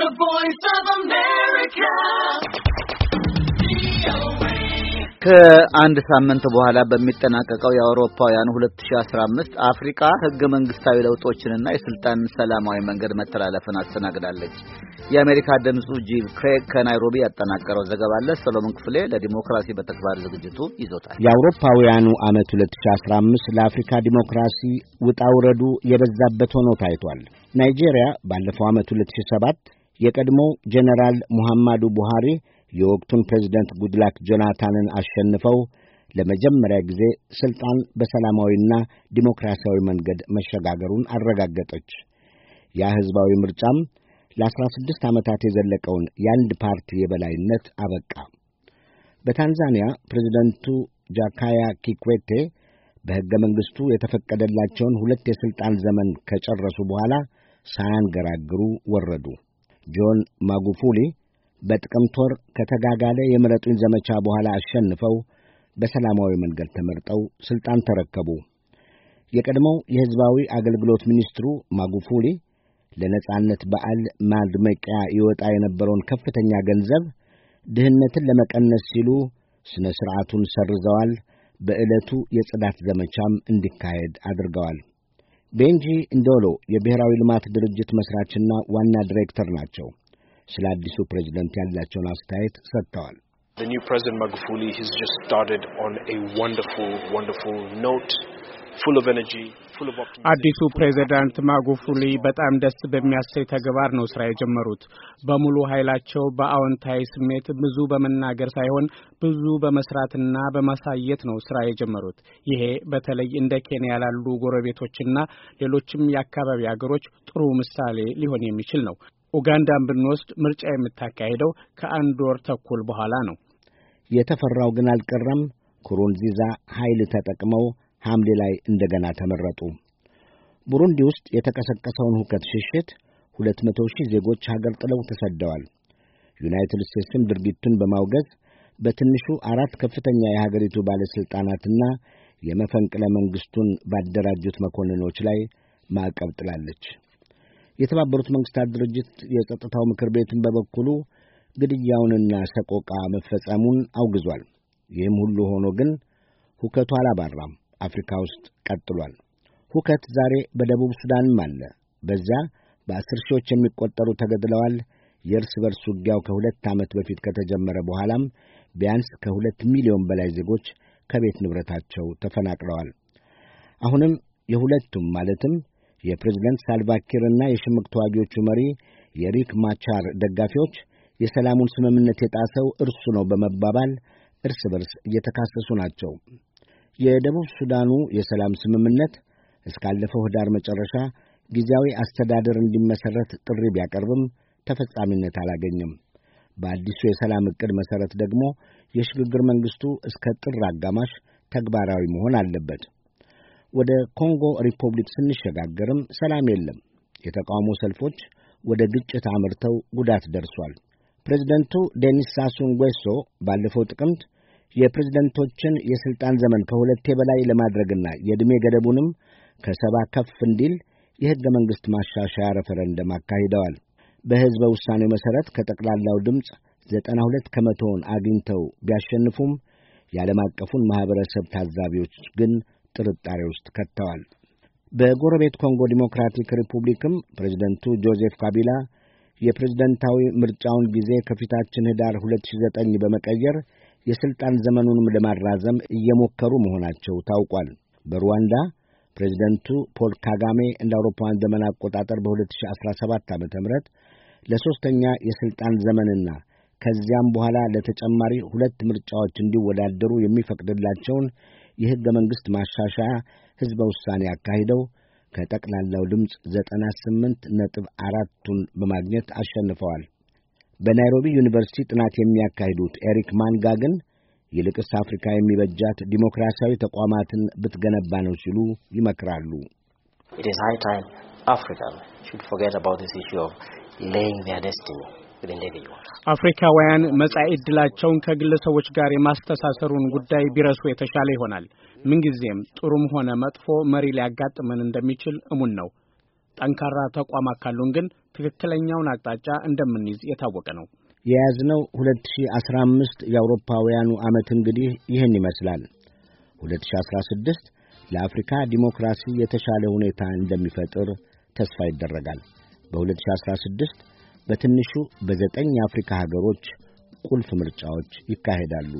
The Voice of America. ከአንድ ሳምንት በኋላ በሚጠናቀቀው የአውሮፓውያን 2015 አፍሪካ ህገ መንግስታዊ ለውጦችንና የስልጣን ሰላማዊ መንገድ መተላለፍን አስተናግዳለች። የአሜሪካ ድምጹ ጂል ክሬግ ከናይሮቢ ያጠናቀረው ዘገባ አለ። ሰሎሞን ክፍሌ ለዲሞክራሲ በተግባር ዝግጅቱ ይዞታል። የአውሮፓውያኑ ዓመት 2015 ለአፍሪካ ዲሞክራሲ ውጣውረዱ የበዛበት ሆኖ ታይቷል። ናይጄሪያ ባለፈው ዓመት 2007 የቀድሞው ጀነራል ሙሐማዱ ቡሃሪ የወቅቱን ፕሬዚደንት ጉድላክ ጆናታንን አሸንፈው ለመጀመሪያ ጊዜ ሥልጣን በሰላማዊና ዲሞክራሲያዊ መንገድ መሸጋገሩን አረጋገጠች። ያ ሕዝባዊ ምርጫም ለአስራ ስድስት ዓመታት የዘለቀውን የአንድ ፓርቲ የበላይነት አበቃ። በታንዛኒያ ፕሬዚደንቱ ጃካያ ኪክዌቴ በሕገ መንግሥቱ የተፈቀደላቸውን ሁለት የሥልጣን ዘመን ከጨረሱ በኋላ ሳያንገራግሩ ወረዱ። ጆን ማጉፉሊ በጥቅምት ወር ከተጋጋለ የምረጡኝ ዘመቻ በኋላ አሸንፈው በሰላማዊ መንገድ ተመርጠው ሥልጣን ተረከቡ። የቀድሞው የሕዝባዊ አገልግሎት ሚኒስትሩ ማጉፉሊ ለነጻነት በዓል ማድመቂያ ይወጣ የነበረውን ከፍተኛ ገንዘብ ድህነትን ለመቀነስ ሲሉ ሥነ ሥርዓቱን ሰርዘዋል። በዕለቱ የጽዳት ዘመቻም እንዲካሄድ አድርገዋል። ቤንጂ እንዶሎ የብሔራዊ ልማት ድርጅት መሥራችና ዋና ዲሬክተር ናቸው። ስለ አዲሱ ፕሬዚደንት ያላቸውን አስተያየት ሰጥተዋል። The new President Magufuli has just started on a wonderful, wonderful note. አዲሱ ፕሬዚዳንት ማጉፉሊ በጣም ደስ በሚያሰኝ ተግባር ነው ስራ የጀመሩት። በሙሉ ኃይላቸው በአዎንታዊ ስሜት ብዙ በመናገር ሳይሆን ብዙ በመስራትና በማሳየት ነው ስራ የጀመሩት። ይሄ በተለይ እንደ ኬንያ ላሉ ጎረቤቶችና ሌሎችም የአካባቢ ሀገሮች ጥሩ ምሳሌ ሊሆን የሚችል ነው። ኡጋንዳን ብንወስድ ምርጫ የምታካሄደው ከአንድ ወር ተኩል በኋላ ነው። የተፈራው ግን አልቀረም። ኩሩንዚዛ ኃይል ተጠቅመው ሐምሌ ላይ እንደገና ተመረጡ። ቡሩንዲ ውስጥ የተቀሰቀሰውን ሁከት ሽሽት ሁለት መቶ ሺህ ዜጎች ሀገር ጥለው ተሰደዋል። ዩናይትድ ስቴትስም ድርጊቱን በማውገዝ በትንሹ አራት ከፍተኛ የሀገሪቱ ባለሥልጣናትና የመፈንቅለ መንግሥቱን ባደራጁት መኮንኖች ላይ ማዕቀብ ጥላለች። የተባበሩት መንግሥታት ድርጅት የጸጥታው ምክር ቤትን በበኩሉ ግድያውንና ሰቆቃ መፈጸሙን አውግዟል። ይህም ሁሉ ሆኖ ግን ሁከቱ አላባራም። አፍሪካ ውስጥ ቀጥሏል። ሁከት ዛሬ በደቡብ ሱዳንም አለ። በዚያ በአስር ሺዎች የሚቆጠሩ ተገድለዋል። የእርስ በርስ ውጊያው ከሁለት ዓመት በፊት ከተጀመረ በኋላም ቢያንስ ከሁለት ሚሊዮን በላይ ዜጎች ከቤት ንብረታቸው ተፈናቅለዋል። አሁንም የሁለቱም ማለትም የፕሬዝደንት ሳልቫኪርና የሽምቅ ተዋጊዎቹ መሪ የሪክ ማቻር ደጋፊዎች የሰላሙን ስምምነት የጣሰው እርሱ ነው በመባባል እርስ በርስ እየተካሰሱ ናቸው። የደቡብ ሱዳኑ የሰላም ስምምነት እስካለፈው ኅዳር መጨረሻ ጊዜያዊ አስተዳደር እንዲመሠረት ጥሪ ቢያቀርብም ተፈጻሚነት አላገኘም። በአዲሱ የሰላም ዕቅድ መሠረት ደግሞ የሽግግር መንግሥቱ እስከ ጥር አጋማሽ ተግባራዊ መሆን አለበት። ወደ ኮንጎ ሪፑብሊክ ስንሸጋገርም ሰላም የለም። የተቃውሞ ሰልፎች ወደ ግጭት አምርተው ጉዳት ደርሷል። ፕሬዚደንቱ ዴኒስ ሳሱን ባለፈው ጥቅምት የፕሬዝደንቶችን የሥልጣን ዘመን ከሁለቴ በላይ ለማድረግና የዕድሜ ገደቡንም ከሰባ ከፍ እንዲል የሕገ መንግሥት ማሻሻያ ረፈረንደም አካሂደዋል። በሕዝበ ውሳኔው መሠረት ከጠቅላላው ድምፅ ዘጠና ሁለት ከመቶውን አግኝተው ቢያሸንፉም የዓለም አቀፉን ማኅበረሰብ ታዛቢዎች ግን ጥርጣሬ ውስጥ ከተዋል። በጎረቤት ኮንጎ ዲሞክራቲክ ሪፑብሊክም ፕሬዚደንቱ ጆዜፍ ካቢላ የፕሬዝደንታዊ ምርጫውን ጊዜ ከፊታችን ኅዳር 2009 በመቀየር የሥልጣን ዘመኑንም ለማራዘም እየሞከሩ መሆናቸው ታውቋል። በሩዋንዳ ፕሬዚደንቱ ፖል ካጋሜ እንደ አውሮፓውያን ዘመን አቆጣጠር በ2017 ዓ ም ለሦስተኛ የሥልጣን ዘመንና ከዚያም በኋላ ለተጨማሪ ሁለት ምርጫዎች እንዲወዳደሩ የሚፈቅድላቸውን የሕገ መንግሥት ማሻሻያ ሕዝበ ውሳኔ አካሂደው ከጠቅላላው ድምፅ ዘጠና ስምንት ነጥብ አራቱን በማግኘት አሸንፈዋል። በናይሮቢ ዩኒቨርሲቲ ጥናት የሚያካሂዱት ኤሪክ ማንጋ ግን ይልቅስ አፍሪካ የሚበጃት ዲሞክራሲያዊ ተቋማትን ብትገነባ ነው ሲሉ ይመክራሉ። አፍሪካውያን መጻኢ ዕድላቸውን ከግለሰቦች ጋር የማስተሳሰሩን ጉዳይ ቢረሱ የተሻለ ይሆናል። ምንጊዜም ጥሩም ሆነ መጥፎ መሪ ሊያጋጥመን እንደሚችል እሙን ነው። ጠንካራ ተቋም ካሉን ግን ትክክለኛውን አቅጣጫ እንደምንይዝ የታወቀ ነው። የያዝነው 2015 የአውሮፓውያኑ ዓመት እንግዲህ ይህን ይመስላል። 2016 ለአፍሪካ ዲሞክራሲ የተሻለ ሁኔታ እንደሚፈጥር ተስፋ ይደረጋል። በ2016 በትንሹ በዘጠኝ የአፍሪካ ሀገሮች ቁልፍ ምርጫዎች ይካሄዳሉ።